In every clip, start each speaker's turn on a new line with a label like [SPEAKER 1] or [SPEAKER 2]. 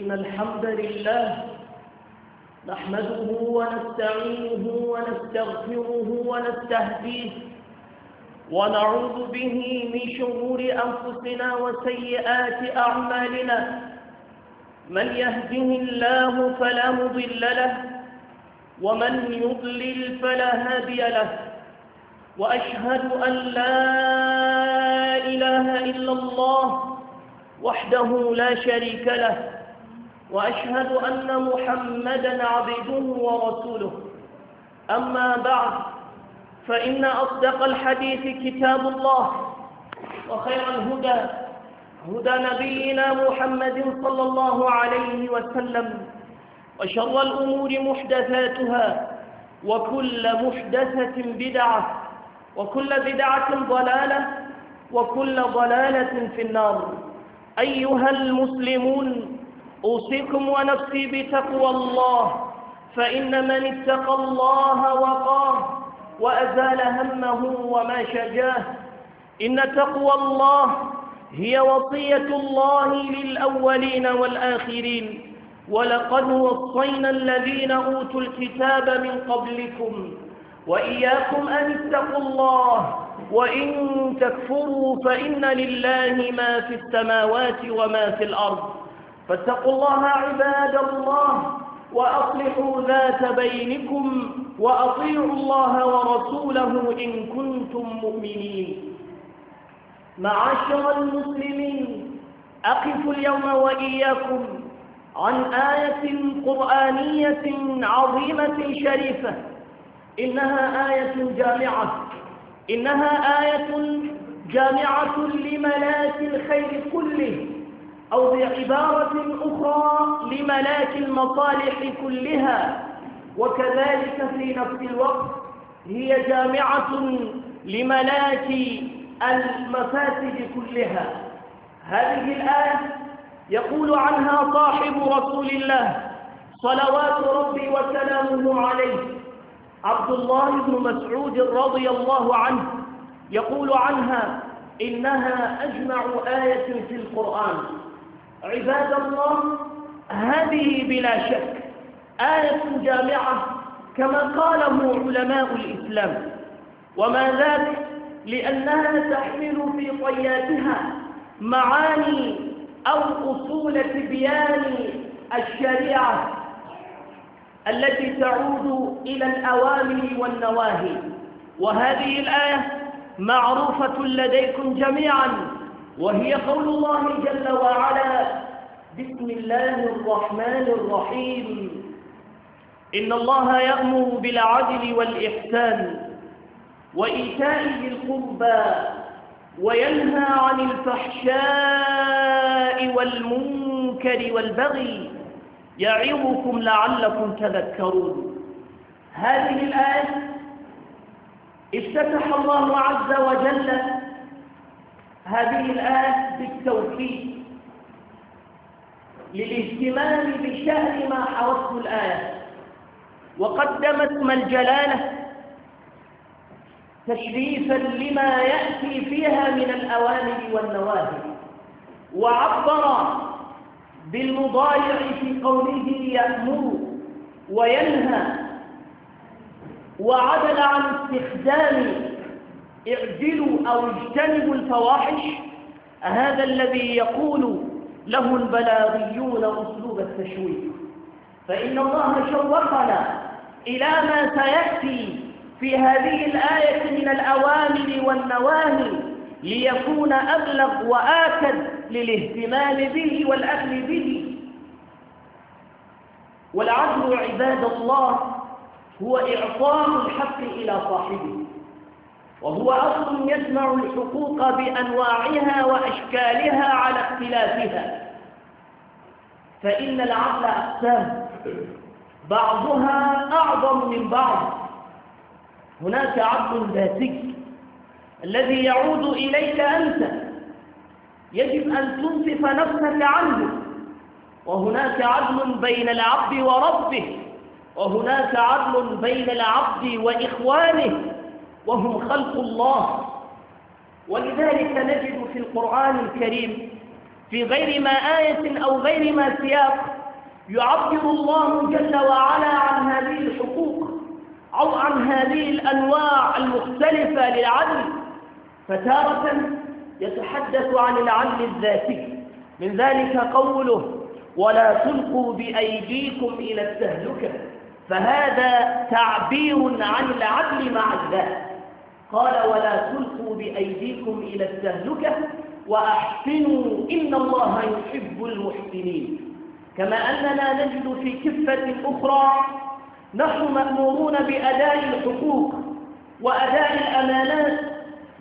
[SPEAKER 1] إن الحمد لله نحمده ونستعينه ونستغفره ونستهديه ونعوذ به من شرور أنفسنا وسيئات أعمالنا من يهده الله فلا مضل له ومن يضلل فلا هادي له وأشهد أن لا إله إلا الله وحده لا شريك له وأشهد أن محمدا عبده ورسوله أما بعد فإن أصدق الحديث كتاب الله وخير الهدى هدى نبينا محمد صلى الله عليه وسلم وشر الأمور محدثاتها وكل محدثة بدعة وكل بدعة ضلالة وكل ضلالة في النار أيها المسلمون أوصيكم ونفسي بتقوى الله فإن من اتقى الله وقاه وأزال همه وما شجاه إن تقوى الله هي وصية الله للأولين والآخرين ولقد وصينا الذين أوتوا الكتاب من قبلكم وإياكم أن اتقوا الله وإن تكفروا فإن لله ما في السماوات وما في الأرض فاتقوا الله عباد الله وأصلحوا ذات بينكم وأطيعوا الله ورسوله إن كنتم مؤمنين معاشر المسلمين أقف اليوم وإياكم عن آية قرآنية عظيمة شريفة إنها آية جامعة إنها آية جامعة لملاك الخير كله أو بعبارة أخرى لملاك المصالح كلها وكذلك في نفس الوقت هي جامعة لملاك المفاسد كلها هذه الآية يقول عنها صاحب رسول الله صلوات ربي وسلامه عليه عبد الله بن مسعود رضي الله عنه يقول عنها إنها أجمع آية في القرآن عباد الله هذه بلا شك آية جامعة كما قاله علماء الإسلام وما ذاك لأنها تحمل في طياتها معاني أو أصول تبيان الشريعة التي تعود إلى الأوامر والنواهي وهذه الآية معروفة لديكم جميعاً وهي قول الله جل وعلا بسم الله الرحمن الرحيم إن الله يأمر بالعدل والإحسان وإيتاء ذي القربى وينهى عن الفحشاء والمنكر والبغي يعظكم لعلكم تذكرون هذه الآية افتتح الله عز وجل هذه الآية بالتوحيد للاهتمام بشأن ما حرصت الآية وقدمت ما الجلالة تشريفا لما يأتي فيها من الأوامر والنواهي وعبر بالمضايع في قوله يأمر وينهى وعدل عن استخدام اعدلوا أو اجتنبوا الفواحش هذا الذي يقول له البلاغيون أسلوب التشويه فإن الله شوقنا إلى ما سيأتي في هذه الآية من الأوامر والنواهي ليكون أبلغ وآكد للاهتمام به والأهل به والعدل عباد الله هو إعطاء الحق إلى صاحبه وهو أصل يجمع الحقوق بأنواعها وأشكالها على اختلافها فإن العقل أقسام بعضها أعظم من بعض هناك عقل ذاتي الذي يعود إليك أنت يجب أن تنصف نفسك عنه وهناك عدل بين العبد وربه وهناك عدل بين العبد وإخوانه وهم خلق الله ولذلك نجد في القرآن الكريم في غير ما آية أو غير ما سياق يعبر الله جل وعلا عن هذه الحقوق أو عن هذه الأنواع المختلفة للعدل فتارة يتحدث عن العدل الذاتي من ذلك قوله ولا تلقوا بأيديكم إلى التهلكة فهذا تعبير عن العدل مع الذات قال ولا تلقوا بأيديكم إلى التهلكة وأحسنوا إن الله يحب المحسنين كما أننا نجد في كفة أخرى نحن مأمورون بأداء الحقوق وأداء الأمانات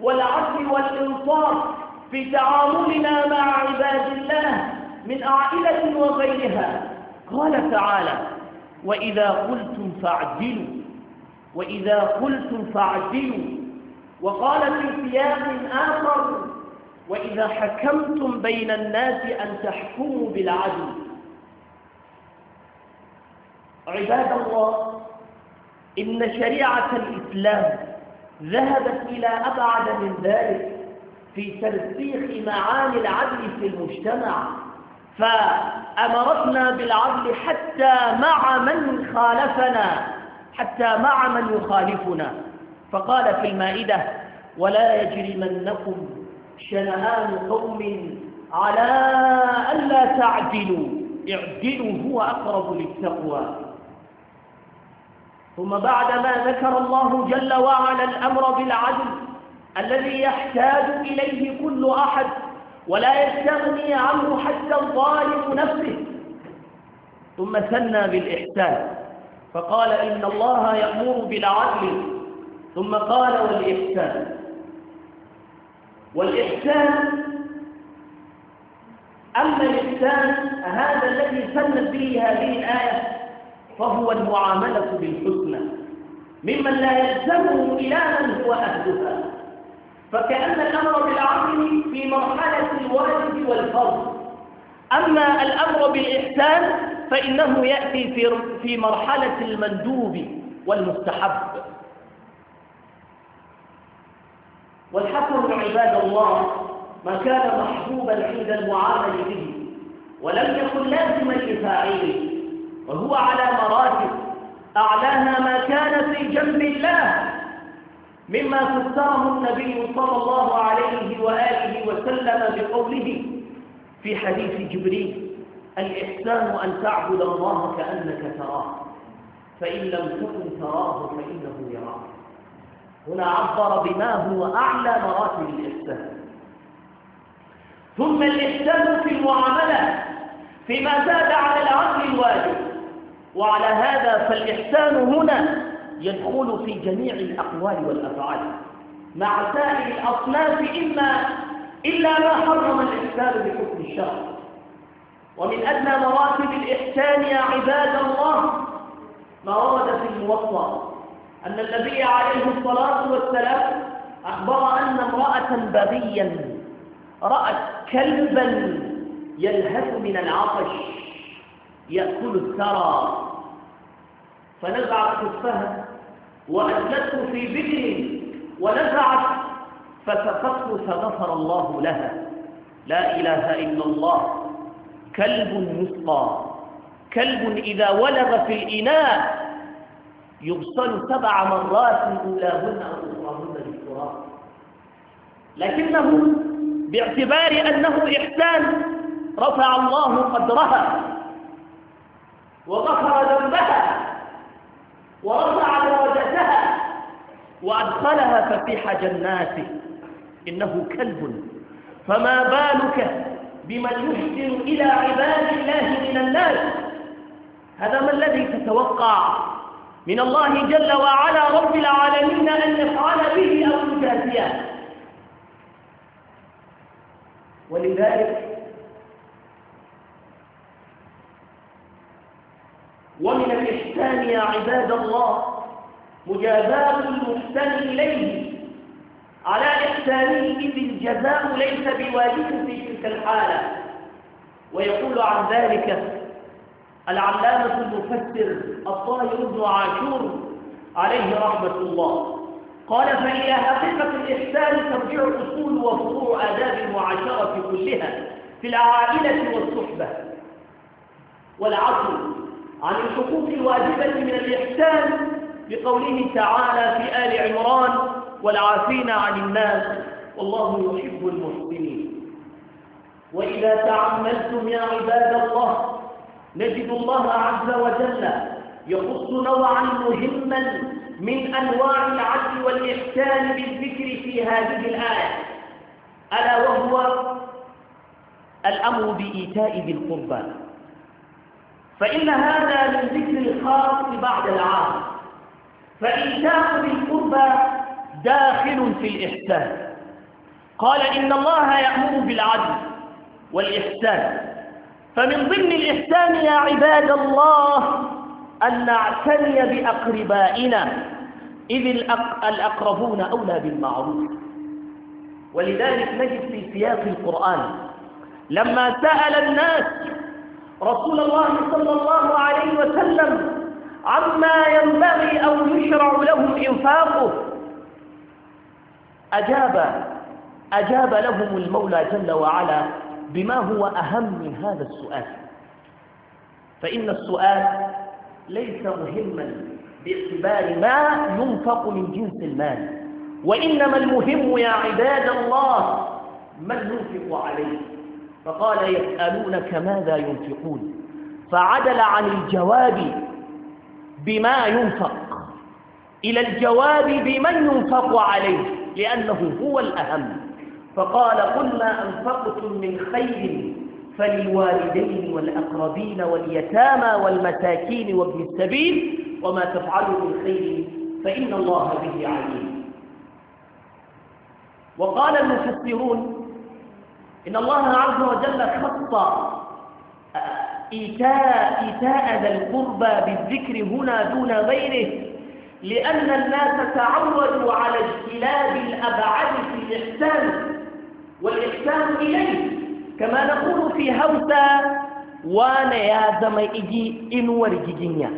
[SPEAKER 1] والعدل والإنصاف في تعاملنا مع عباد الله من عائله وغيرها قال تعالى وإذا قلتم فاعدلوا وإذا قلتم فاعدلوا وقال في سياق آخر وإذا حكمتم بين الناس أن تحكموا بالعدل عباد الله إن شريعة الإسلام ذهبت إلى أبعد من ذلك في ترسيخ معاني العدل في المجتمع فأمرتنا بالعدل حتى مع من خالفنا حتى مع من يخالفنا فقال في المائدة ولا يجرمنكم شنآن قوم على ألا تعدلوا اعدلوا هو أقرب للتقوى ثم بعدما ذكر الله جل وعلا الأمر بالعدل الذي يحتاج إليه كل أحد ولا يستغني عنه حتى الظالم نفسه ثم ثنى بالإحسان فقال إن الله يأمر بالعدل ثم قال والإحسان والإحسان أما الإحسان هذا الذي سنت به هذه الآية فهو المعاملة بالحسنى ممن لا يلزمه إلى من هو أهلها فكأن الأمر بالعقل في مرحلة الواجب والفرض أما الأمر بالإحسان فإنه يأتي في مرحلة المندوب والمستحب والحسن عباد الله ما كان محبوبا عند المعامل به ولم يكن لازما لفاعله وهو على مراتب أعلاها ما كان في جنب الله مما فسره النبي صلى الله عليه وآله وسلم بقوله في حديث جبريل الإحسان أن تعبد الله كأنك تراه فإن لم تكن تراه فإنه يراك هنا عبر بما هو أعلى مراتب الإحسان ثم الإحسان في المعاملة فيما زاد على العقل الواجب وعلى هذا فالإحسان هنا يدخل في جميع الأقوال والأفعال مع سائر الأصناف إما إلا ما حرم الإحسان بحكم الشرع ومن أدنى مراتب الإحسان يا عباد الله ما ورد في الموطأ أن النبي عليه الصلاة والسلام أخبر أن امرأة بغيا رأت كلبا يلهث من العطش يأكل الثرى فنزعت كفها وأجلته في بئر ونزعت فسقطت فغفر الله لها لا إله إلا الله كلب يسقى كلب إذا ولغ في الإناء يغسل سبع مرات أولاهن أو أخراهن بالتراب لكنه باعتبار أنه إحسان رفع الله قدرها وغفر ذنبها ورفع درجتها وأدخلها فسيح جناته إنه كلب فما بالك بمن يحسن إلى عباد الله من الناس هذا ما الذي تتوقع من الله جل وعلا رب العالمين أن نفعل به أو نجازيه ولذلك ومن الإحسان يا عباد الله مجازاة المحسن إليه على إحسانه إذ الجزاء ليس بواجب في تلك الحالة ويقول عن ذلك العلامة المفسر الطاهر بن عاشور عليه رحمة الله قال فإلى حقيقة الإحسان ترجع أصول وفروع آداب المعاشرة كلها في العائلة والصحبة والعقل عن الحقوق الواجبة من الإحسان بقوله تعالى في آل عمران والعافين عن الناس والله يحب المحسنين وإذا تعملتم يا عباد الله نجد الله عز وجل يخص نوعا مهما من أنواع العدل والإحسان بالذكر في هذه الآية ألا وهو الأمر بإيتاء ذي القربى فإن هذا من ذكر الخاص بعد العام فإيتاء ذي القربى داخل في الإحسان قال إن الله يأمر بالعدل والإحسان فمن ضمن الإحسان يا عباد الله أن نعتني بأقربائنا إذ الأقربون أولى بالمعروف ولذلك نجد في سياق القرآن لما سأل الناس رسول الله صلى الله عليه وسلم عما ينبغي أو يشرع لهم إنفاقه أجاب أجاب لهم المولى جل وعلا بما هو أهم من هذا السؤال فإن السؤال ليس مهما باعتبار ما ينفق من جنس المال وإنما المهم يا عباد الله من ينفق عليه فقال يسألونك ماذا ينفقون فعدل عن الجواب بما ينفق إلى الجواب بمن ينفق عليه لأنه هو الأهم فقال قل ما أنفقتم من خير فللوالدين والأقربين واليتامى والمساكين وابن السبيل وما تفعلوا من خير فإن الله به عليم وقال المفسرون إن الله عز وجل خط آه، إيتاء, إيتاء ذا القربى بالذكر هنا دون غيره لأن الناس تعودوا على اجتلاب الأبعاد في الإحسان والإحسان إليه كما نقول في هوسا وانا يا زم إجي إن جيجينيا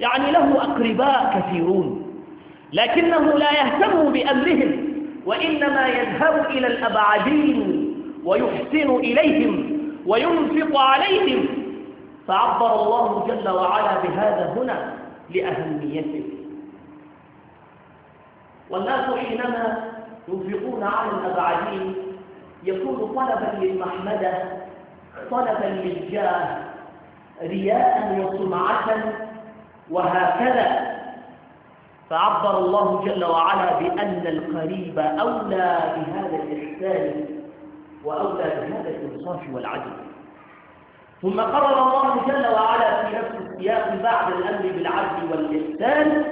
[SPEAKER 1] يعني له أقرباء كثيرون لكنه لا يهتم بأمرهم وإنما يذهب إلى الأبعدين ويحسن إليهم وينفق عليهم فعبر الله جل وعلا بهذا هنا لأهميته والناس حينما ينفقون على الأبعدين يكون طلبا للمحمدة طلبا للجاه رياء وسمعة
[SPEAKER 2] وهكذا
[SPEAKER 1] فعبر الله جل وعلا بأن القريب أولى بهذا الإحسان وأولى بهذا الإنصاف والعدل ثم قرر الله جل وعلا في نفس السياق بعد الأمر بالعدل والإحسان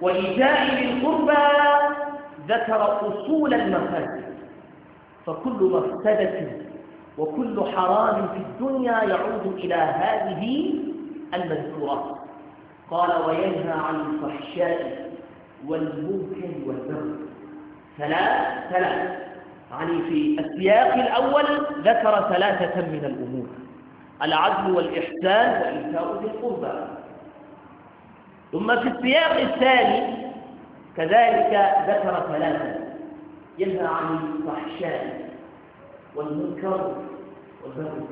[SPEAKER 1] وإيجاء للقربى ذكر أصول المفاسد فكل مفسدة وكل حرام في الدنيا يعود إلى هذه المذكورات قال وينهى عن الفحشاء والمنكر والبغي ثلاث ثلاث يعني في السياق الأول ذكر ثلاثة من الأمور العدل والإحسان وإيتاء ذي القربى ثم في السياق الثاني كذلك ذكر ثلاثة ينهى عن الفحشاء والمنكر والبغي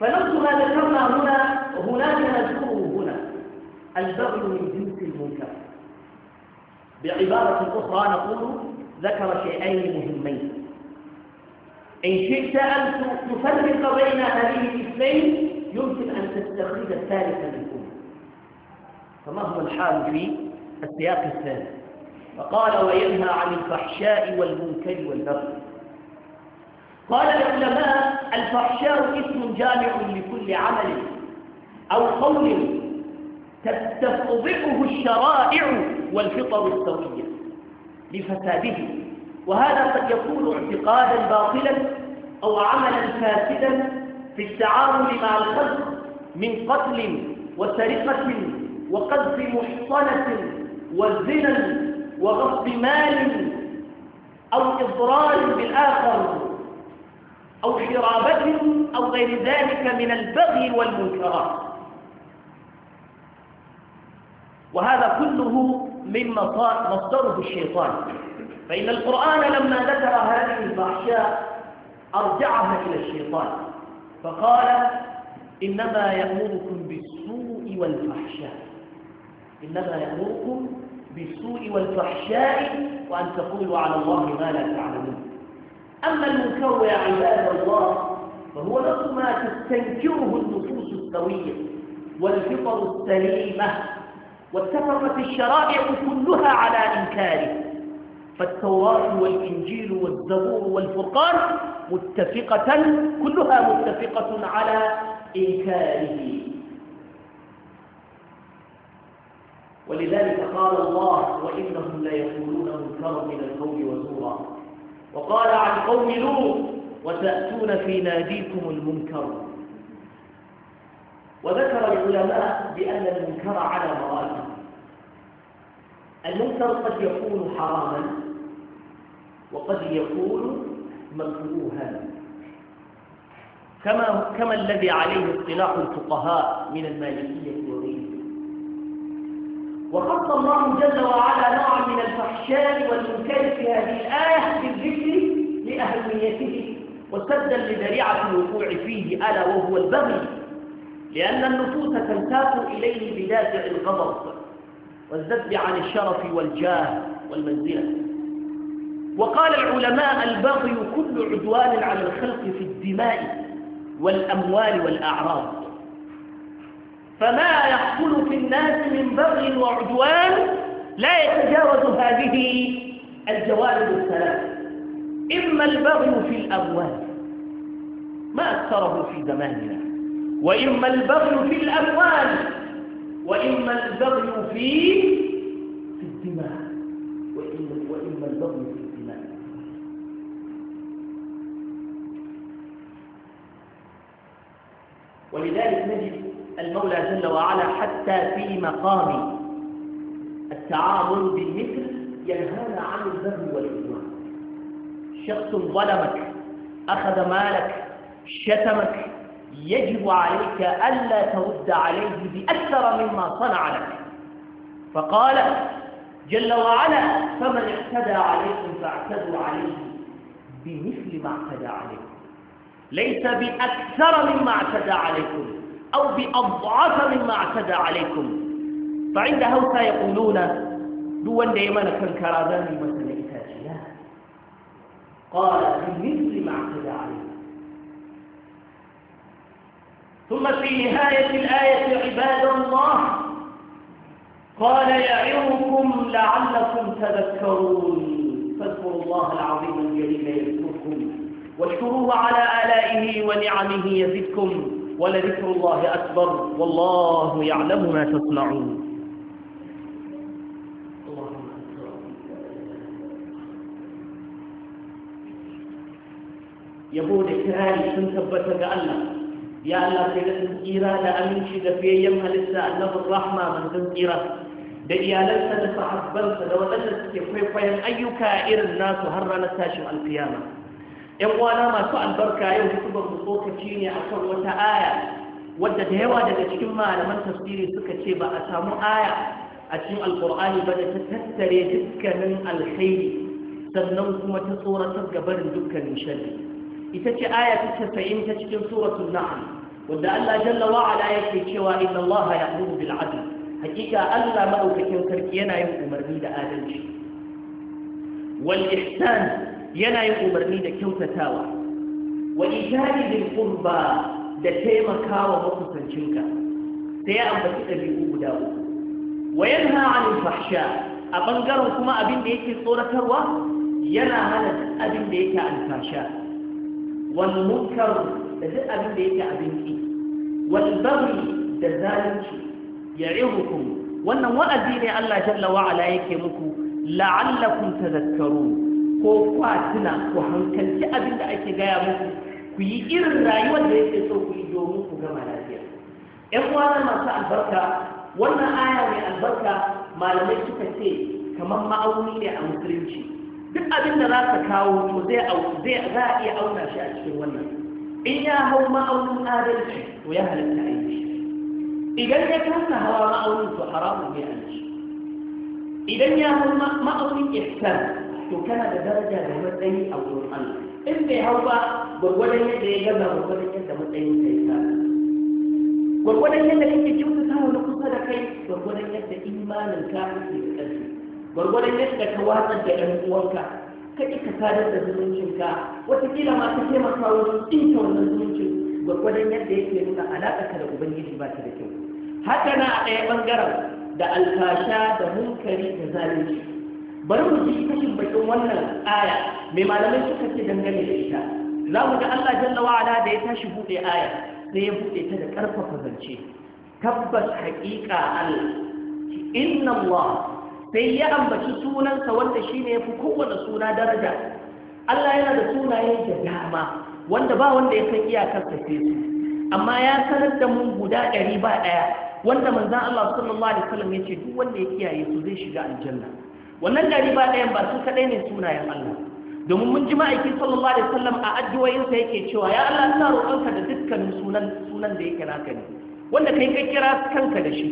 [SPEAKER 2] فنفس ما ذكرنا هنا هناك نذكره
[SPEAKER 1] هنا البغي من جنس المنكر بعبارة أخرى نقول ذكر شيئين مهمين إن شئت أن تفرق بين هذه الاثنين يمكن أن تستخرج الثالثة منهما فما هو الحال في السياق الثاني فقال وينهى عن الفحشاء والمنكر والبغي قال العلماء الفحشاء اسم جامع لكل عمل أو قول تستفضحه الشرائع والفطر السوية لفساده وهذا قد يكون اعتقادا باطلا أو عملا فاسدا في التعامل مع الخلق من قتل وسرقة وقذف محصنة والزنا وغصب مال أو إضرار بالآخر أو شرابة أو غير ذلك من البغي والمنكرات وهذا كله من مصدره الشيطان فإن القرآن لما ذكر هذه الفحشاء أرجعها إلى الشيطان فقال إنما يأمركم بالسوء والفحشاء إنما يأمركم بالسوء والفحشاء وأن تقولوا على الله ما لا تعلمون أما المنكر يا عباد الله فهو لكم ما تستنكره النفوس السوية والفطر السليمة واتفقت الشرائع كلها على إنكاره فالتوراة والإنجيل والزبور والفرقان متفقة كلها متفقة على إنكاره ولذلك قال الله وإنهم لا يقولون منكرا من القول وزورا وقال عن قوم لوط وتأتون في ناديكم المنكر وذكر العلماء بأن المنكر على مراتب المنكر قد يكون حراما وقد يكون مكروها كما كما الذي عليه اصطلاح الفقهاء من المالكية وخص الله جل وعلا نوعا من الفحشاء والمنكر في هذه الآية بالذكر لأهميته وسدا لذريعة الوقوع فيه ألا وهو البغي لأن النفوس تنتاب إليه بدافع الغضب والذب عن الشرف والجاه والمنزلة وقال العلماء البغي كل عدوان على الخلق في الدماء والأموال والأعراض فما يحصل في الناس من بغي وعدوان لا يتجاوز هذه الجوانب الثلاث إما البغي في الأموال ما أكثره في زماننا وإما البغي في الأموال وإما البغي في في الدماء وإما, وإما البغي في الدماء ولذلك نجد المولى جل وعلا حتى في مقام التعامل بالمثل ينهانا عن البر والإثمان شخص ظلمك أخذ مالك شتمك يجب عليك ألا ترد عليه بأكثر مما صنع لك فقال جل وعلا فمن اعتدى عليكم فاعتدوا عليه بمثل ما اعتدى عليكم ليس بأكثر مما اعتدى عليكم أو بأضعف مما اعتدى عليكم فعند هوسى يقولون دون ديما كان كرادان مثل إتاجيا قال بمثل ما اعتدى عليكم ثم في نهاية الآية عباد الله قال يعظكم لعلكم تذكرون فاذكروا الله العظيم الجليل يذكركم واشكروه على آلائه ونعمه يزدكم ولذكر الله أكبر والله يعلم ما تصنعون يقول إسرائيل سنثبت كألا يا الله في الإيرا لا أمين شد في أيامها لسا أنه الرحمة من تنثيرا دقيا لسا نفع أكبر فلو لسا كيف يفعل أيك إير الناس هرنا تاشم القيامة yan uwana masu albarka yau hutubar mu tsokaci ne akan wata aya wadda da yawa daga cikin malaman tafsiri suka ce ba a samu aya a cikin alkur'ani ba da ta tattare dukkanin alkhairi sannan kuma ta tsoratar gabarin dukkanin shari ita ce aya ta casa'in ta cikin suratun na'am wanda Allah jalla wa ala yake cewa inna ya ya'muru bil adl hakika Allah madaukakin sarki yana yin umarni da adalci wal ihsan yana yin umarni da kyautatawa wa ishari bil qurba da taimakawa makusancinka sai ya ambaci ɗabi'u guda uku wa yanha 'anil fahsha a bangaren kuma abin da yake tsoratarwa yana hana duk abin da yake alfasha wal munkar da duk abin da yake abinci wal baghi da zalunci ya'ihukum wannan wa'azi ne Allah jalla wa ala yake muku la'allakum tadhakkarun ko kwatina ku hankalci abin da ake gaya muku ku yi irin rayuwar da yake so ku yi domin ku gama lafiya ƴan uwana masu albarka wannan aya mai albarka malamai suka ce kamar ma'auni ne a musulunci duk abin da za ka kawo to zai za a iya auna shi a cikin wannan in ya hau ma'aunin adalci to ya halitta a idan ya kasa hawa ma'aunin to haramun ne a idan ya hau ma'aunin ihsan to kana da daraja da matsayi a wurin Allah in bai hau ba gwargwadon yadda ya gaza gwargwadon yadda matsayin ka ya gwargwadon yadda kake kyautata wani kusa da kai gwargwadon yadda imanin ka kake da ƙarfi gwargwadon yadda ka watsar da ɗan uwanka ka ƙi ka sadar da zumuncinka wataƙila ma ka taimaka wajen tsinta wannan zumuncin gwargwadon yadda yake nuna alaƙa da ubangiji ba ta da kyau haka na a ɗaya ɓangaren da alfasha da munkari da zalunci bari mu ji kashin bakin wannan aya mai malamai suka ce dangane da ita za mu ga Allah jalla ala da ya tashi buɗe aya sai ya buɗe ta da ƙarfafa zance tabbas haƙiƙa Allah inna Allah sai ya ambaci sunansa wanda shine ya fi kowane suna daraja Allah yana da sunaye da dama wanda ba wanda ya san iyakar sa sai su amma ya sanar da mu guda ɗari ba ɗaya wanda manzon Allah sallallahu alaihi wasallam ya ce duk wanda ya kiyaye su zai shiga aljanna wannan gari ba ɗayan ba su kaɗai ne sunayen Allah domin mun ji ma'aikin sallallahu alaihi wasallam a addu'o'insa yake cewa ya Allah ina roƙonka da dukkanin sunan sunan da yake naka ne wanda kai ka kira kanka da shi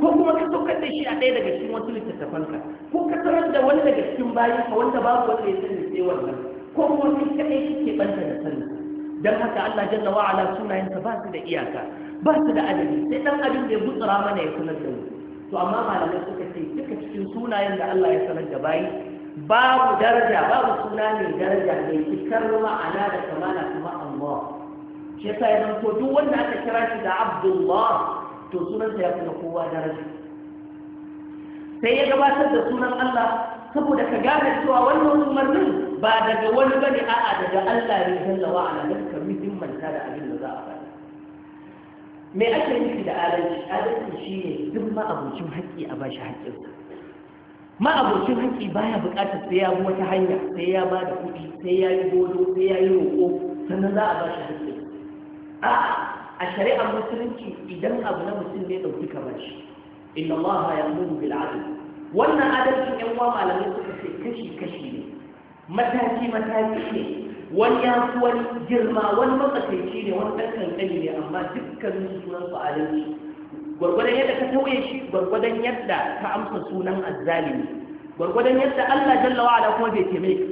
[SPEAKER 1] ko kuma ka saukar da shi a ɗaya daga cikin wasu littattafanka ko ka tarar da wani daga cikin ka wanda babu wanda ya sani sai wannan ko kuma kai kaɗai shi ke ɓanta da sani don haka Allah jalla wa ala sunayensa ba su da iyaka ba su da adadi sai dan abin da ya gutsura mana ya kula da mu to amma malamai suka ce duka cikin sunayen da Allah ya sanar da bayi babu daraja babu suna mai daraja mai cikar ma'ana da kamala kuma Allah shi yasa ya zanto duk wanda aka kira shi da Abdullah to sa ya kuma kowa daraja sai ya gabatar da sunan Allah saboda ka gane cewa wannan umarnin ba daga wani bane a'a daga Allah ne jalla wa ala da ka muhimmanta da abin da za a faɗa me ake nufi da adalci adalci shine duk ma abucin haƙƙi a bashi haƙƙinsa ma'abocin haƙƙi baya buƙatar sai ya bi wata hanya sai ya ba da kuɗi sai ya yi godo sai ya yi roƙo sannan za a ba shi haƙƙi a a shari'ar musulunci idan abu na mutum ne ɗauki kamar shi inna Allah ya muru bil adl wannan adalcin ƴan uwa malamai suka ce kashi kashi ne mataki mataki ne wani ya fi wani girma wani matsakaici ne wani ɗan kankani ne amma dukkanin sunan su adalci gwargwadon yadda ka tauye shi gwargwadon yadda ka amsa sunan azzalimi gwargwadon yadda Allah jalla wa ala kuma bai taimake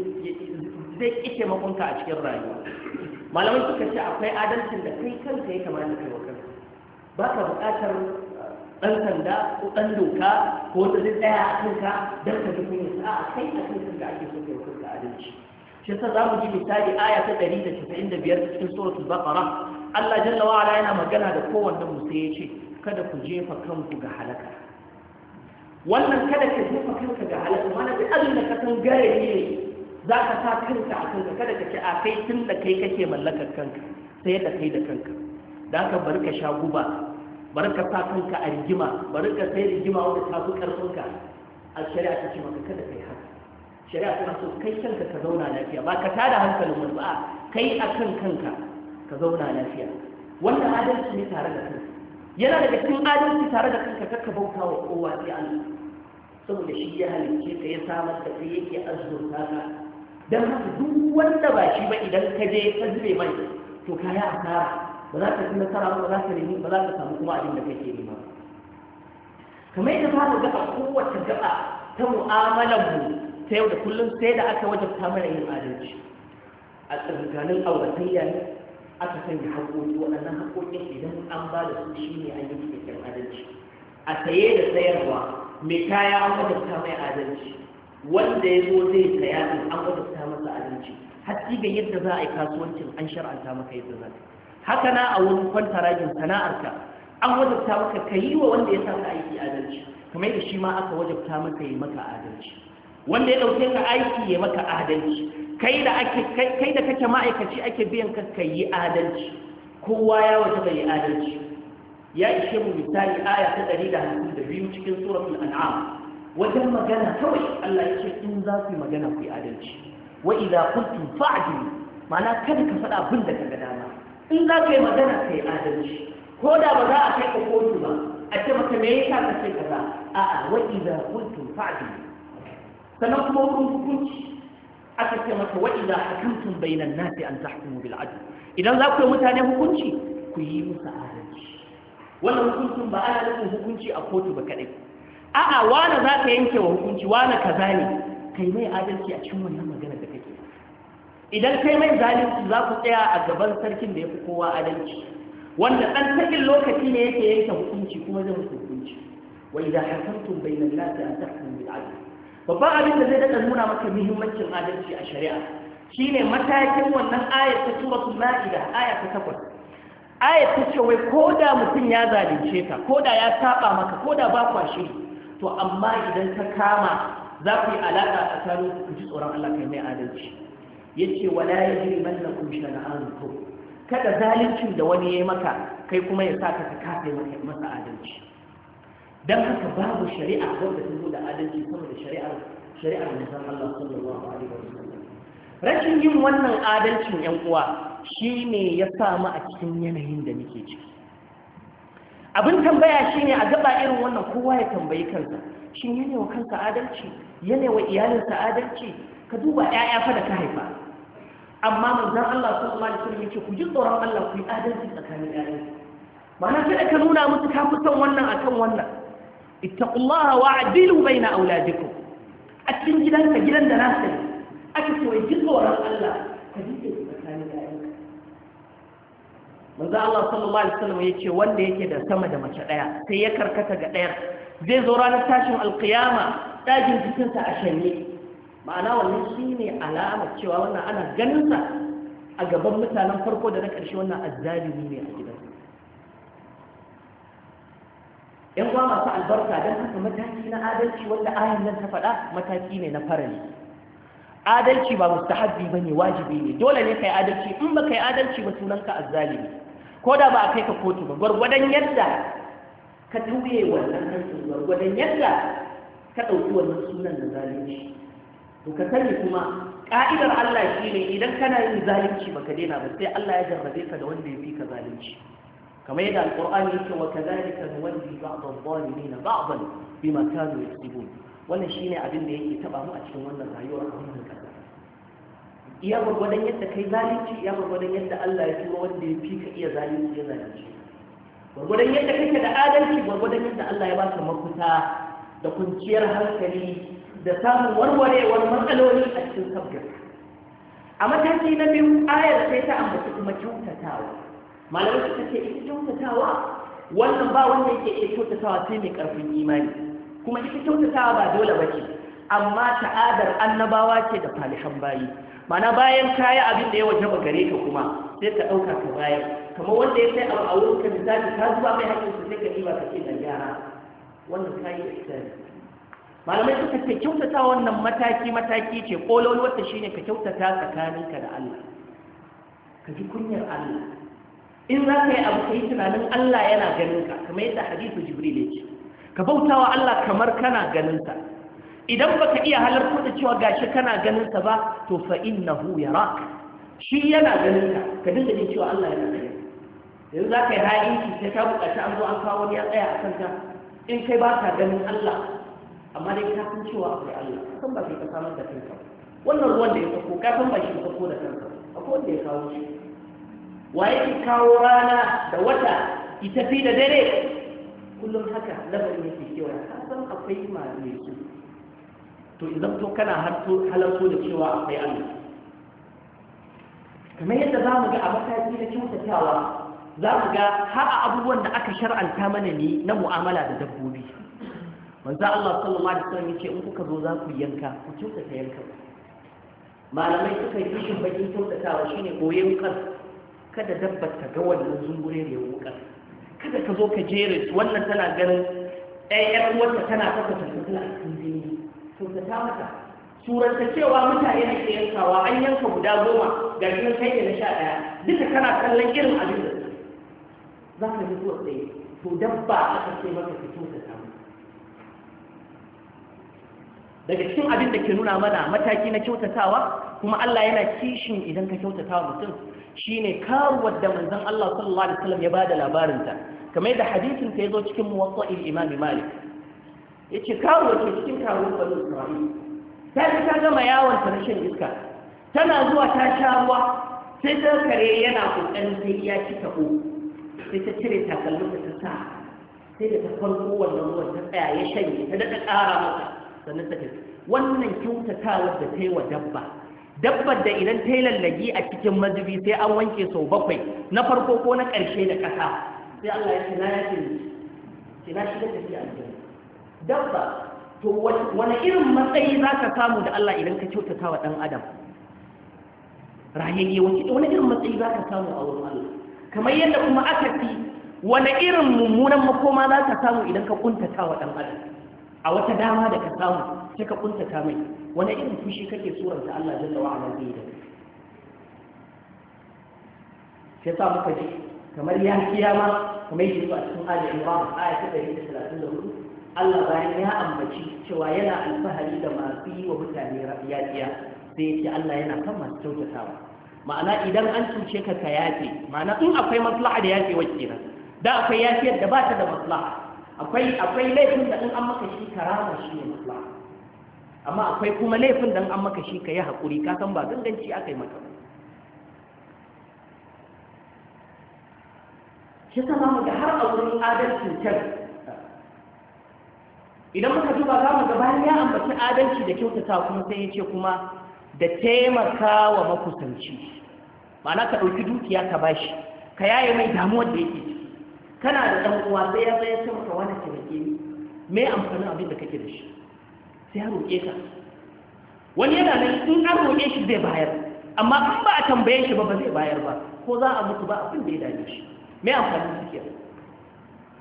[SPEAKER 1] zai ki taimakonka a cikin rayuwa malamai suka ce akwai adalcin da kai kanka ya kamata kai wa kanka ba ka buƙatar ɗan sanda ko ɗan doka ko wata zai tsaya a kanka don ka ji kunya a kai a kan kanka ake so kai wa kanka adalci shi yasa za mu ji misali aya ta ɗari da casa'in da biyar cikin suratul baqara Allah jalla wa yana magana da kowanne musa ya ce kada ku jefa kanku ga halaka wannan kada ka jefa kanka ga halaka mana duk abin da ka san gare ne za ka sa kanka a kanka kada ka ci a kai tun da kai kake mallakar kanka sai da kai da kanka da ka bari ka sha guba bari ka sa kanka a rigima bari ka sai rigima wanda ta fi karfinka a shari'a ta ce maka kada ka yi haka shari'a tana so kai kanka ka zauna lafiya ba ka tada hankalin wani ba kai a kan kanka ka zauna lafiya wannan adalci ne tare da kanka yana daga cikin adalci tare da kanka ka bauta wa kowa sai Allah saboda shi ya halicce ka ya samar da kai yake azurta ka dan haka duk wanda ba shi ba idan ka je ka zube mai to ka yi asara ba za ka ci nasara ba za ka nemi ba za ka samu kuma abin da kake nema kamar yadda za mu ga a kowace gaba ta mu'amalar mu ta yau da kullum sai da aka wajabta mana yin adalci a tsakanin auratayya ne aka sanya haƙoƙi waɗannan haƙoƙin idan an ba da su shi ne an yi cikakken adalci a saye da sayarwa mai kaya an wajabta mai adalci wanda ya zo zai saya din an wadanta masa adalci hatsi ga yadda za a yi kasuwancin an shar'anta maka yadda za ka haka na a wurin kwantaragin sana'arka an wajabta maka ka yi wa wanda ya saka aiki adalci kamar da shi ma aka wajabta maka yi maka adalci wanda ya dauke ka aiki ya maka adalci kai da ake kai da kake ma'aikaci ake biyan ka kai yi adalci kowa ya wata bai adalci ya ishe mu misali aya ta 152 cikin suratul an'am wajen magana kawai Allah ya ce in za ku magana ku yi adalci wa idza qultum fa'dilu ma'ana kada ka faɗa abin da ka ga dama in za ku yi magana ka yi adalci ko da ba za a kai ka kotu ba a ce maka me yasa ka ce kaza a'a wa idza qultum fa'dilu sannan kuma wurin hukunci aka ce mata wa idza hakamtum bainan nasi an tahkumu bil adl idan za ku yi mutane hukunci ku yi musu adalci wannan hukuncin ba ana nufin hukunci a kotu ba kadai a'a wani za ka yanke wa hukunci wani kaza ne kai mai adalci a cikin wannan magana da kake idan kai mai zalunci za ku tsaya a gaban sarkin da ya fi kowa adalci wanda ɗan sakin lokaci ne yake yanke hukunci kuma zai musu hukunci wa idan hakamtum bainan nasi an tahkumu bil adl babban abin da zai daga nuna maka muhimmancin adalci a shari'a shine matakin wannan ayat ta suratul ma'ida aya ta takwas ayat ta ce wai ko da mutum ya zalunce ka ko da ya saba maka ko da ba kwa shiri to amma idan ka kama za ku yi alaƙa a tsaro ku ji tsoron Allah kai mai adalci ya ce wala na shana'an ko, kada zalincin da wani ya yi maka kai kuma ya sa ka kafe masa adalci
[SPEAKER 2] dan haka babu shari'a
[SPEAKER 1] wanda ta zo da adalci sama da shari'ar shari'ar san Allah sallallahu alaihi wasallam rashin yin wannan adalcin yan uwa shine ya samu a cikin yanayin da muke ciki abin tambaya shine a gaba irin wannan kowa ya tambayi kansa shin yana wa kansa adalci yana wa iyalinsa adalci ka duba 'ya'ya fa da ka haifa amma manzon Allah sallallahu alaihi wasallam yake ku ji tsoron Allah ku yi adalci tsakanin ƴaƴanku ma'ana kada ka nuna musu ka fi son wannan akan wannan ittaqullaha wa adilu baina auladikum a cikin gidanka gidan da na sani aka ce tsoron Allah ka ji tsakanin ƴaƴanka manzo Allah sallallahu alaihi wasallam yace wanda yake da sama da mace ɗaya sai ya karkata ga dayar zai zo ranar tashin alqiyama dajin jikinsa a shanye ma'ana wannan shine alama cewa wannan ana ganin a gaban mutanen farko da na ƙarshe wannan a gidan yan uwa masu albarka don haka mataki na adalci wanda ayin nan ta faɗa mataki ne na farali adalci ba mustahabbi ne wajibi ne dole ne kai adalci in ba kai adalci ba sunanka azzalimi ko da ba a kai ka kotu ba gwargwadon yadda ka tuye wannan hancin gwargwadon yadda ka ɗauki wannan sunan da zalunci to ka sani kuma ƙa'idar Allah shine idan kana yin zalunci baka daina ba sai Allah ya jarrabe ka da wanda ya fi ka zalunci كما يدعى القرآن يقول وكذلك نولي بعض الظالمين بعضا بما كانوا يكسبون wannan shine abin da yake taba mu a cikin wannan rayuwar wannan kasa iya gwargwadon yadda kai zalunci iya gwargwadon yadda Allah ya turo wanda ya fi ka iya zalunci gwargwadon yadda kake da adalci gwargwadon yadda Allah ya ba ka mafita da kunciyar hankali da samun warwarewar matsaloli a cikin sabgar a mataki na biyu ayar sai ta ambaci kuma kyautatawa malamai suka ce ita kyautatawa wannan ba wanda yake iya kyautatawa sai mai karfin imani kuma ita kyautatawa ba dole ba ce amma ta'adar annabawa ce da falihan bayi mana bayan kaya abin da ya waje gare ka kuma sai ka ɗauka ka bayar kamar wanda ya sai abu a wurin ka misali ka zuwa mai hakkin su sai ka ɗiba ka ce da gyara wannan kayi iskari malamai suka ce kyautata wannan mataki mataki ce shi shine ka kyautata tsakaninka da Allah ka ji kunyar Allah in za ka yi abu ka yi tunanin Allah yana ganin ka kamar yadda hadisu jibril ya ce ka bautawa Allah kamar kana ganin sa idan baka iya halarta da cewa gashi kana ganin sa ba to fa innahu yarak shi yana ganin ka ka dinga jin cewa Allah yana ganin ka yanzu za ka yi ha'inci sai ka buƙaci an zo an kawo wani ya tsaya a kanka in kai ba ka ganin Allah amma dai ka san cewa akwai Allah kan ba sai ka samar da kanka wannan ruwan da ya sako ka san ba shi sako da kanka akwai wanda ya kawo shi waye ki kawo rana da wata ki tafi da dare kullum haka lamarin yake cewa ka san akwai mai su to idan to kana halarto da cewa akwai Allah kamar yadda za mu ga a mataki na kyautatawa za mu ga har a abubuwan da aka shar'anta mana ne na mu'amala da dabbobi manzo Allah sallallahu alaihi wasallam yace in kuka zo za ku yanka ku kyautata yanka
[SPEAKER 2] malamai suka
[SPEAKER 1] yi shin bakin kyautatawa shine koyon kansa kada dabbar ta ga wannan zungure da wuka kada ka zo ka jere wannan tana ganin ɗayar wata tana saka ta tafi a cikin jini to ka ta mata suranta cewa mutane ne ke yankawa an yanka guda goma ga jinin kai da na sha ɗaya duka kana kallon irin abin da za ka ji zuwa tsaye to dabba aka ce maka fito ta samu daga cikin abin da ke nuna mana mataki na kyautatawa kuma Allah yana kishin idan ka kyautata wa mutum shine karuwar da manzon Allah sallallahu alaihi wasallam ya bada labarin ta kamar da hadisin ta yazo cikin muwatta'il imam malik yace karuwar ke cikin karuwar bani isra'il ta ta gama yawon ta rashin iska tana zuwa ta sha ruwa sai ta kare yana kokarin sai ya ci tabo sai ta cire takalmin da ta sa sai da ta farko wannan ruwan ta tsaya ya shanye ta daɗa ƙara masa sannan ta ce. wannan kyautatawar da ta yi wa dabba dabbar da idan ta yi lallagi a cikin mazubi sai an wanke sau bakwai na farko ko na ƙarshe da ƙasa sai Allah ya kina ya ce na shi da tafiya dabba to wani irin matsayi za ka samu da Allah idan ka kyautata wa ɗan adam rayayye wani irin matsayi za ka samu a wurin Allah kamar yadda kuma aka fi wani irin mummunan makoma za ka samu idan ka kuntata wa ɗan adam a wata dama da ka samu sai ka kuntata mai wani irin fushi kake suranta Allah jalla wa ala zai da sai sa muka ji kamar ya kiyama kamar yake a cikin Ali Imran aya ta 134 Allah bayan ya ambaci cewa yana alfahari da masu yi wa mutane yaƙiya sai ya Allah yana kan masu kyautatawa ma'ana idan an cuce ka ka yafe ma'ana in akwai maslaha da yafe wacce da akwai yafiyar da ba ta da maslaha akwai akwai laifin da in an maka shi karama shi ne amma akwai kuma laifin da in an maka shi ka yi haƙuri ka san ba ganganci aka yi maka ba shi ta mu da har a wurin adalcin can idan muka duba za mu gaba ya ambaci adalci da kyautata kuma sai ya ce kuma da taimaka wa makusanci ma'ana ka ɗauki dukiya ka bashi ka yaye mai damuwar da yake ciki kana da ɗan uwa sai ya zai ce maka wani taimake ni me amfanin abin da kake da shi sai ya roƙe ka wani yana nan in an roƙe shi zai bayar amma in ba a tambaye shi ba ba zai bayar ba ko za a mutu ba abin da ya dame shi me amfanin su ke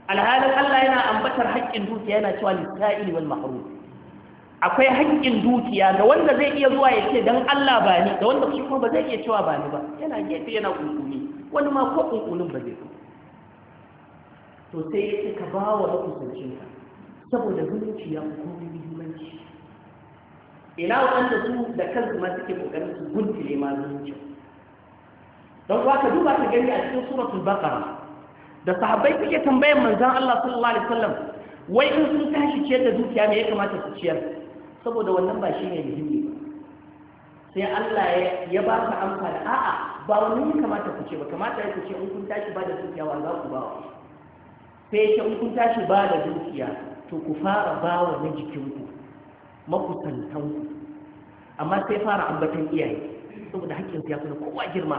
[SPEAKER 1] alhalin Allah yana ambatar haƙƙin dukiya yana cewa lisa'ili wal mahrum akwai haƙƙin dukiya Ga wanda zai iya zuwa ya ce don Allah ba ni da wanda kuma ba zai iya cewa ba ni ba yana gefe yana kunkuni wani ma ko kunkunin ba zai so to sai ya ce ka ba wa makusancinka saboda zumunci ya kuma muhimmanci ina wanda su da kansu ma suke kokarin su ne ma zuci don kuwa ka duba ka gani a cikin suratul baqara da sahabbai suke tambayar manzon Allah sallallahu alaihi wasallam wai in sun tashi ciyar da dukiya me ya kamata su ciyar saboda wannan ba shine muhimmi ba sai Allah ya ba ka amfani a'a ba wani ya kamata ku ce ba kamata ya ku ce in kun tashi ba da dukiya wa za ku ba wa sai ya kun tashi ba da dukiya to ku fara bawa na jikinku makusantanku amma sai fara ambatan iyaye saboda hakkin ya fi kowa girma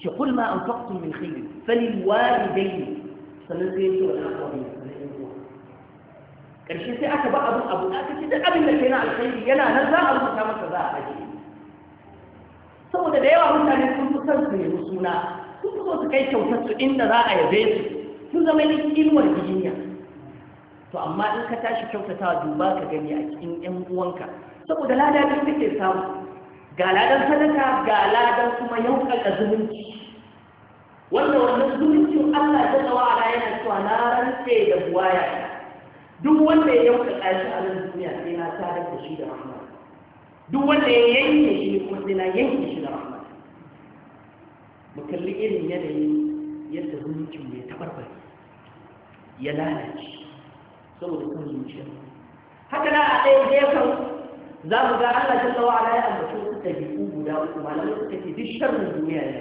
[SPEAKER 1] shi kul ma an faktun min khairin falil walidai sannan sai ya ce wani abuwa mai ƙarshe sai aka ba abin abu aka ce duk abin da ke na alkhairi yana nan za a rubuta masa za a ajiye saboda da yawa mutane sun fi son su nemi suna sun fi so su kai kyautar su inda za a yabe su sun zama ne inuwar jinya? to amma in ka tashi kyautatawa duba ka gani a cikin yan uwanka saboda lada duk kake samu ga ladan sadaka ga ladan kuma yankaka zumunci wanda wannan zumuncin Allah ya zawa ala yana cewa na rantse da buwaya duk wanda ya yauka shi a nan duniya sai na sadar da shi da rahama duk wanda ya yanke shi kuma sai na yanke shi da rahama mu kalli irin yanayin yadda zumuncin mai tabarbare ya lalace saboda son zuciya haka na a ɗaya gefen za mu ga Allah ta tsawa ala ya ambaci wasu ɗabi'u guda uku malamai suka ce duk sharrin duniya ne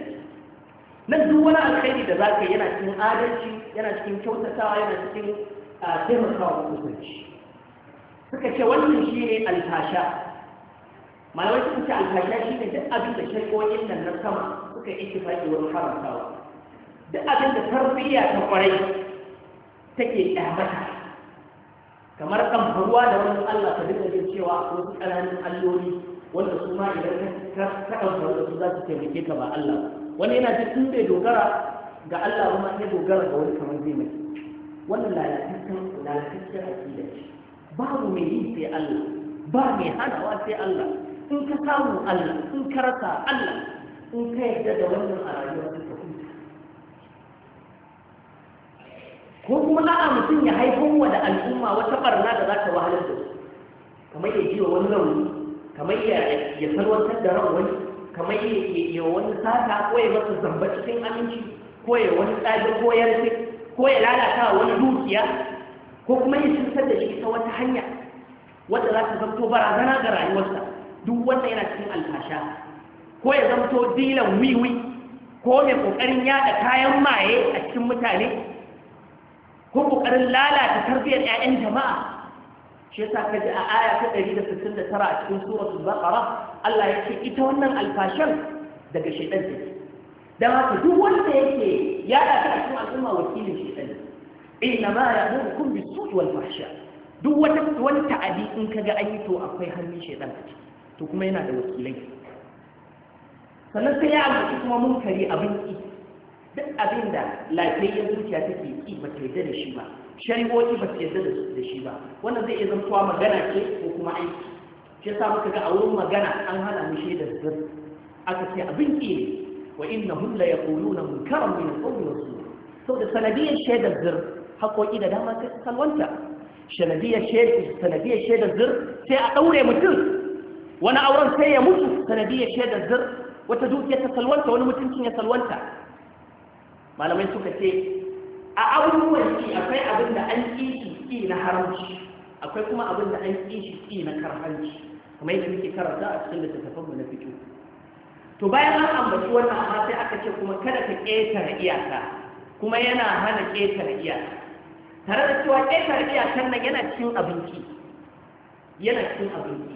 [SPEAKER 1] nan duk wani alkhairi da za ka yana cikin adalci yana cikin kyautatawa yana cikin taimakawa kusanci suka ce wannan shi ne alfasha malamai suka ce alfasha shi ne duk abin da shari'o'in nan na sama suka yi ittifaqi wurin haramtawa duk abin da tarbiyya ta kwarai take kyamata kamar kan ruwa da wani Allah ka duka jin cewa wasu ƙananan alloli wanda su ma idan ka kan da su za su taimake ka ba Allah wani yana jin tun bai dogara ga Allah kuma sai dogara ga wani kamar zai mai wannan lalataccen lalataccen aƙida ce babu mai yi sai Allah ba mai hanawa sai Allah in ka samu Allah in ka rasa Allah in ka yarda da wannan a rayuwar ko kuma za a mutum ya haifar wa da al'umma wata barna da za ta wahalar da su kamar ya jiwa wani rauni kamar ya salwantar da ran wani kamar ya wani sata ko ya masa zamba cikin aminci ko ya wani tsaji ko yarfe ko ya lalata wani dukiya ko kuma ya cutar da shi ta wata hanya wadda za ta zamto barazana ga rayuwarsa duk wanda yana cikin alfasha ko ya zamto dilan wiwi ko mai kokarin yada kayan maye a cikin mutane ko ƙoƙarin lalata tarbiyyar 'ya'yan jama'a shi yasa ka ji a aya ta 169 a cikin suratul baqara Allah ya ce ita wannan alfashan daga shaitan take dan haka duk wanda yake ya da ta cikin al'umma wakilin shaitan inna ma ya'murukum bis-su'i wal fahsha duk wata wani ta'adi in kaga an yi to akwai hannun shaitan a to kuma yana da wakilai sannan sai ya amince kuma munkari abin ki duk abin da lafiyayyen zuciya take ki ba ta yarda da shi ba shari'o'i ba ta yarda da shi ba wannan zai iya zantowa magana ce ko kuma aiki shi yasa muka ga a wurin magana an hana mu shaida zir aka ce abin ki ne wa innahum la yaquluna munkaran min al-qawli wa sunna saboda sanadiyar shaidar zir haƙoƙi da dama sai salwanta sanadiyar shaidar zir sai a ɗaure mutum wani auren sai ya mutu sanadiyar shaidar zir wata dukiya ta salwanta wani mutuncin ya salwanta malamai suka ce a abubuwan ki akwai abin da an ƙi shi ƙi na haramci akwai kuma abin da an ƙi shi ƙi na karhanci Kuma yadda muke karanta a cikin littattafan mu na fito to bayan an ambaci wannan amma sai aka ce kuma kada ka ƙetare iyaka kuma yana hana ƙetare iyaka tare da cewa ƙetare iyakan nan yana cin abinci yana cin abinci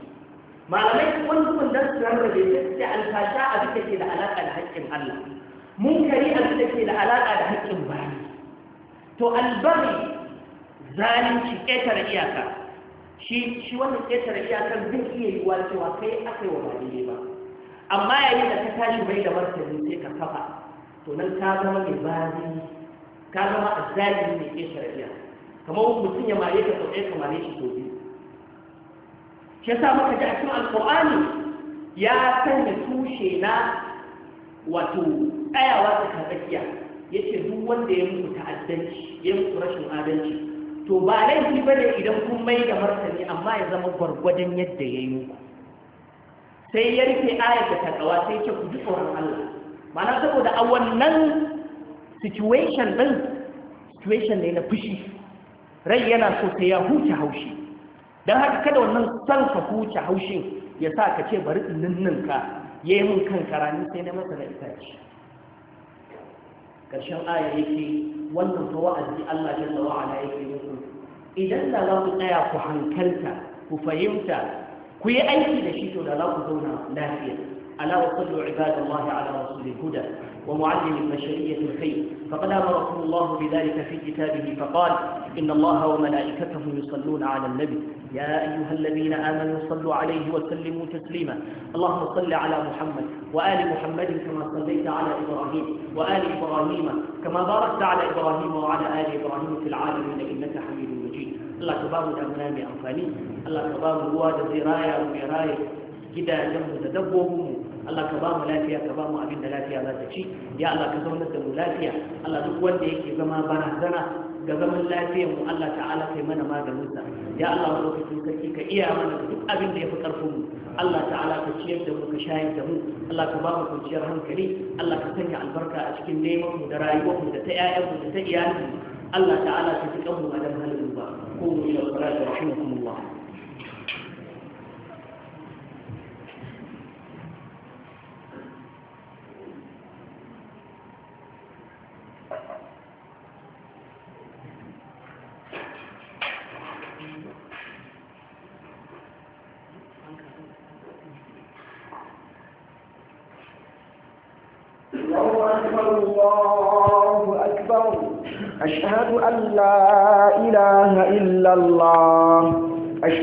[SPEAKER 1] malamai wani kuma dan su rarrabe da alfasha a da ke da alaƙa da haƙƙin Allah munkari abin da ke da alaƙa da haƙƙin bayi to albari zalunci ƙetare iyaka shi shi wannan ƙetare iyakar zai iya yi wa cewa kai aka yi wa ba ba amma yayin da ka tashi bai da martani sai ka kafa to nan ka zama mai bazi ka zama a azzalimi mai ƙetare iyaka kamar mutum ya maye ka sau ɗaya ka shi sau biyu shi yasa muka ji a cikin alƙur'ani ya sanya tushe na wato tsayawa ta tsakiya ya ce duk wanda ya muku ta'addanci ya muku rashin adalci to ba laifi ba ne idan kun mai da martani amma ya zama gwargwadon yadda ya yi muku sai ya rike ayar da takawa sai ce ku ji tsoron Allah ma'ana saboda a wannan situation din situation ne na fushi rai yana so sai ya huce haushi don haka kada wannan son ka huce haushin ya sa ka ce bari in ninninka ya yi min kan karani sai na masa da itace karshen aya yake wannan fa wa'azi Allah jalla wa ala yake muku idan da za ku tsaya ku hankalta ku fahimta ku yi aiki da shi to da za ku zauna lafiya ala wa sallu ibadallahi ala rasulil huda ومعلم البشرية الخير فقد رسول الله بذلك في كتابه فقال إن الله وملائكته يصلون على النبي يا أيها الذين آمنوا صلوا عليه وسلموا تسليما اللهم صل على محمد وآل محمد كما صليت على إبراهيم وآل إبراهيم كما باركت على إبراهيم وعلى آل إبراهيم في العالمين إنك حميد مجيد الله تبارك وتعالى أنفاني الله تبارك وتعالى زرايا وميرايا gidajenmu جمد دبوهم Allah ka ba mu lafiya ka ba mu abin da lafiya za ta ci ya Allah ka zaunar da mu lafiya Allah duk wanda yake zama barazana ga zaman lafiyar mu Allah ta'ala kai mana maganin sa ya Allah lokacin sarki ka iya mana duk abin da yafi karfin mu Allah ta'ala ka ciyar da mu ka shayar da mu Allah ka ba mu kwanciyar hankali Allah ka sanya albarka a cikin neman mu da rayuwar mu da ta ƴaƴan mu da ta iyalin mu Allah ta'ala ka ji kanmu dan halin ba ko mu ila salatu rahimahumullah الله أكبر أشهد أن لا إله إلا الله أشهد